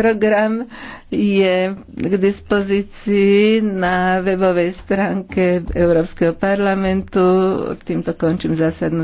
program je k dispozícii na webovej stránke Európskeho parlamentu. Týmto končím zásadnú